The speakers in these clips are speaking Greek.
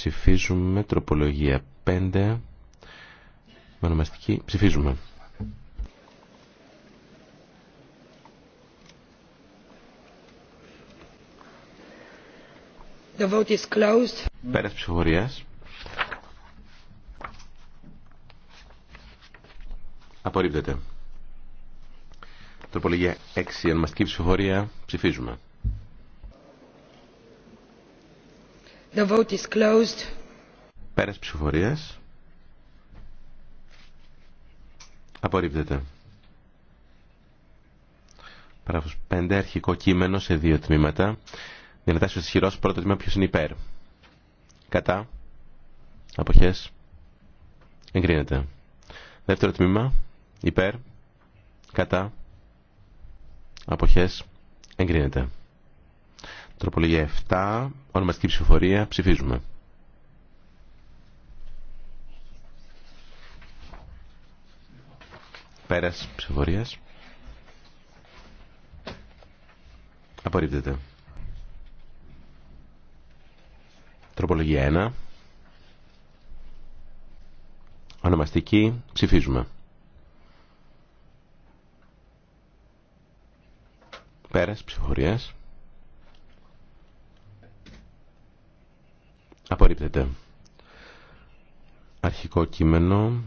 ψηφίζουμε τροπολογία 5 με ονομαστική ψηφίζουμε. The vote is closed. Πέρας ψηφοφορίας. Απορρίπτεται. Τροπολογία 6 ονομαστική ψηφοφορία ψηφίζουμε. The vote is closed. Πέρας ψηφοφορίας. Απορρίπτεται. Παράγραφος 5. Αρχικό κείμενο σε δύο τμήματα. Διανατάσσεως ισχυρός πρώτο τμήμα ποιος είναι υπέρ. Κατά. Αποχές. Εγκρίνεται. Δεύτερο τμήμα. Υπέρ. Κατά. Αποχές. Εγκρίνεται. Τροπολογία 7. Ονομαστική ψηφοφορία. Ψηφίζουμε. Πέρας ψηφοφορίας. Απορρίπτεται. Τροπολογία 1. Ονομαστική. Ψηφίζουμε. Πέρας ψηφοφορίας. Απορρίπτεται. Αρχικό κείμενο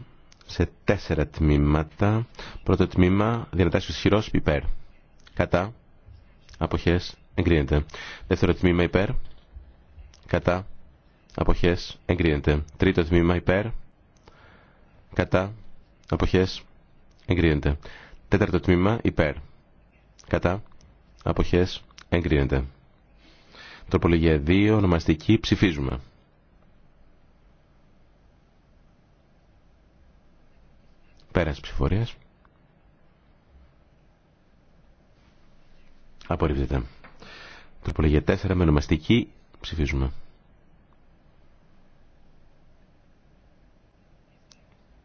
σε τέσσερα τμήματα. Πρώτο τμήμα, δυνατάσεις ισχυρό υπέρ. Κατά, αποχές, εγκρίνεται. Δεύτερο τμήμα, υπέρ. Κατά, αποχές, εγκρίνεται. Τρίτο τμήμα, υπέρ. Κατά, αποχές, εγκρίνεται. Τέταρτο τμήμα, υπέρ. Κατά, αποχές, εγκρίνεται. Τροπολογία 2, ονομαστική, ψηφίζουμε. Πέρας ψηφορίας. Απορρίπτεται. Τροπολογία 4 με ονομαστική ψηφίζουμε.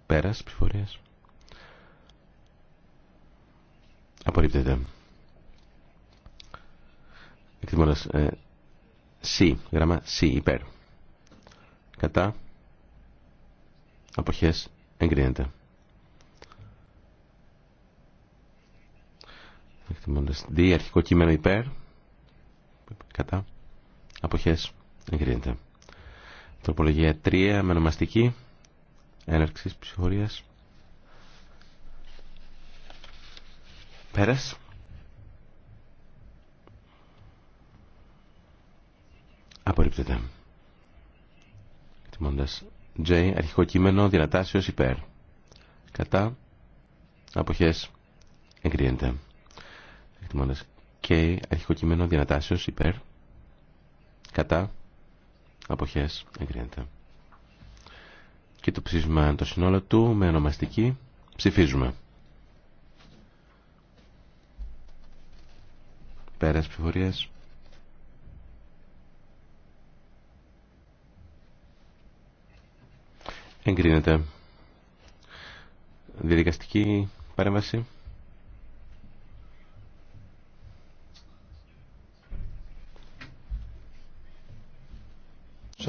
Πέρας ψηφορίας. Απορρίπτεται. Εκτιμώντας ε, C, γραμμά C υπέρ. Κατά. Αποχές εγκρίνεται. Εκτιμώντας D, αρχικό κείμενο υπέρ. Κατά. Αποχές. Εγκρίνεται. Τροπολογία 3, Μενομαστική. ονομαστική. Έναρξης ψυχορίας Πέρας. Απορρίπτεται. Εκτιμώντας J, αρχικό κείμενο, δυνατάσεως υπέρ. Κατά. Αποχές. Εγκρίνεται εκτιμώντας και αρχικό κείμενο διανατάσεως υπέρ κατά αποχές εγκρίνεται και το ψήφισμα το συνόλο του με ονομαστική ψηφίζουμε πέρας ψηφορίας εγκρίνεται διαδικαστική παρέμβαση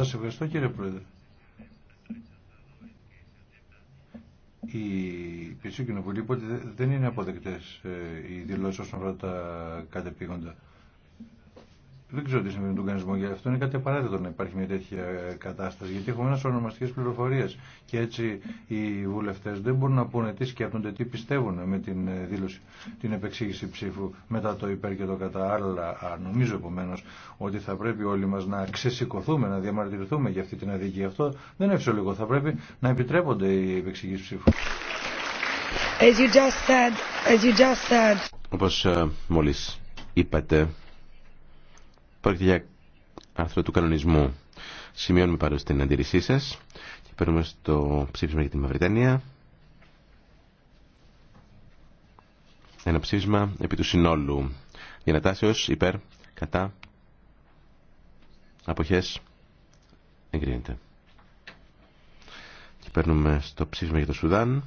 Σας ευχαριστώ κύριε Πρόεδρε. Η είπε Κοινοβουλή δεν είναι αποδεκτές ε, οι δηλώσεις όσον αφορά τα κατεπήγοντα. Δεν ξέρω τι συμβαίνει με τον κανονισμό για αυτό. Είναι κάτι απαραίτητο να υπάρχει μια τέτοια κατάσταση. Γιατί έχουμε ένα ονομαστικέ πληροφορίε. Και έτσι οι βουλευτέ δεν μπορούν να πούνε τι σκέφτονται, τι πιστεύουν με την ε, δήλωση, την επεξήγηση ψήφου μετά το υπέρ και το κατά. Αλλά νομίζω επομένω ότι θα πρέπει όλοι μα να ξεσηκωθούμε, να διαμαρτυρηθούμε για αυτή την αδικία. Αυτό δεν είναι φυσιολογικό. Θα πρέπει να επιτρέπονται οι επεξηγήσει ψήφου. Όπω ε, μόλι είπατε, Πρόκειται για άρθρο του κανονισμού. Σημειώνουμε πάντως την αντίρρησή σα και παίρνουμε στο ψήφισμα για τη Μαυριτανία. Ένα ψήφισμα επί του συνόλου. Διανατάσεως υπέρ, κατά, αποχές, εγκρίνεται. Και παίρνουμε στο ψήφισμα για το Σουδάν.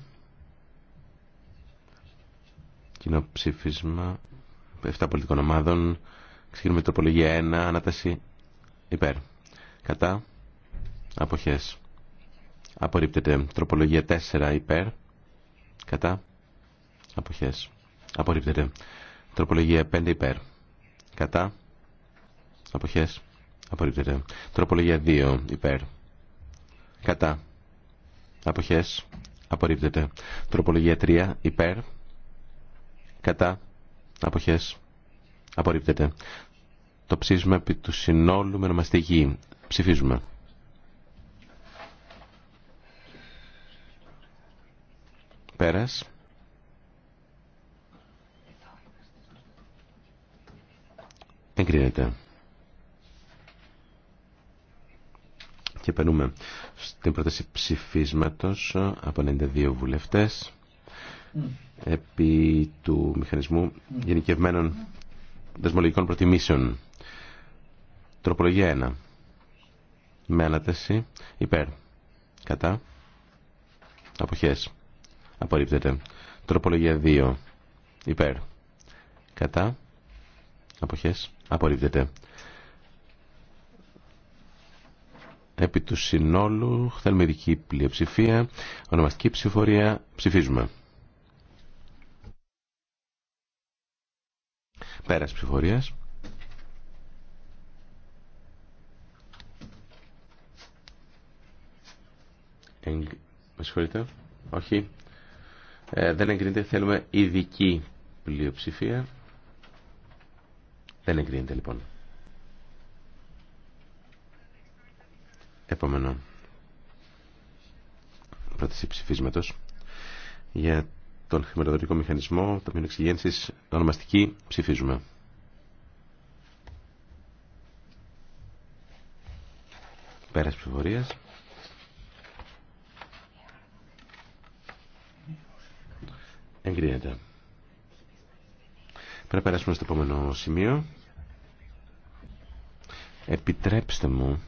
Κοινό ψήφισμα 7 πολιτικών ομάδων. Ξεκινούμε τροπολογία 1, ανάταση υπέρ. Κατά. Αποχές. Απορρίπτεται. Τροπολογία 4 υπέρ. Κατά. Αποχές. Απορρίπτεται. Τροπολογία 5 υπέρ. Κατά. Αποχές. Απορρίπτεται. Τροπολογία 2 υπέρ. Κατά. Αποχές. Απορρίπτεται. Τροπολογία 3 υπέρ. Κατά. Αποχές. Απορρίπτεται. Το ψήφισμα επί του συνόλου με γη. Ψηφίζουμε. Πέρας. Εγκρίνεται. Και περνούμε στην πρόταση ψηφίσματος από 92 βουλευτές mm. επί του μηχανισμού mm. γενικευμένων δεσμολογικών προτιμήσεων. Τροπολογία 1. Με ανάταση υπέρ. Κατά. Αποχές. Απορρίπτεται. Τροπολογία 2. Υπέρ. Κατά. Αποχές. Απορρίπτεται. Επί του συνόλου θέλουμε ειδική πλειοψηφία, ονομαστική ψηφορία, ψηφίζουμε. Πέρας ψηφορίας. Εγ... Με συγχωρείτε. Όχι. Ε, δεν εγκρίνεται. Θέλουμε ειδική πλειοψηφία. Δεν εγκρίνεται λοιπόν. Επόμενο. Πρόταση ψηφίσματος για τον χρηματοδοτικό μηχανισμό, το εξηγένσης, ονομαστική, ψηφίζουμε. Πέρας ψηφορίας. Εγκρίνεται. Πρέπει να περάσουμε στο επόμενο σημείο. Επιτρέψτε μου